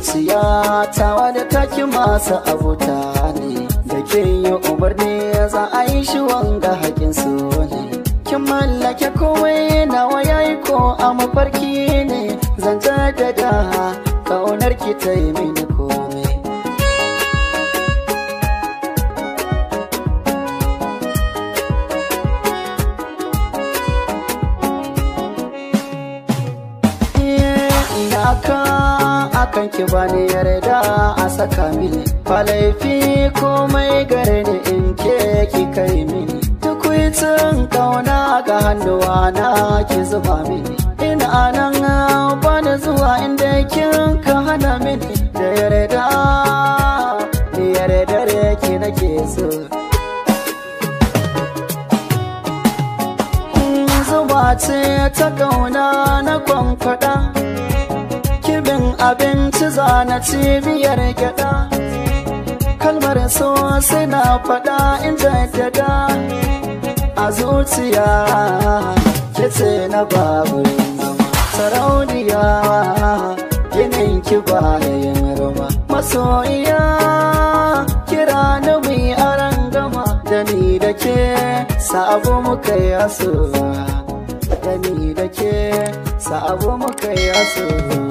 zuciya ta wadda take masu abota ne da ke yi ya za a yi shi wanga haƙin su ne kin mallake kowai nawa yayi ko a mafarki ne zan jaddada kaunar ki ta yi mini komai Ina kan ba bani yarda a saka mini ba laifi komai gare ni in ke ki kai mini tukwitin kauna ga hannuwa na ki zuba mini ina nan bani zuwa inda kin ka hana mini da yarda ni yarda ki nake so zuba ce ta kauna na kwankwada na cibiyar gyada kalmar so sai na faɗa in jaddada a zuciya ke ce na babu sarauniya yanayin ki yin rama masoyiya kira na mu aran gama da ni da ke sabo muka yi asuwa da ni da ke sabo muka yi asuwa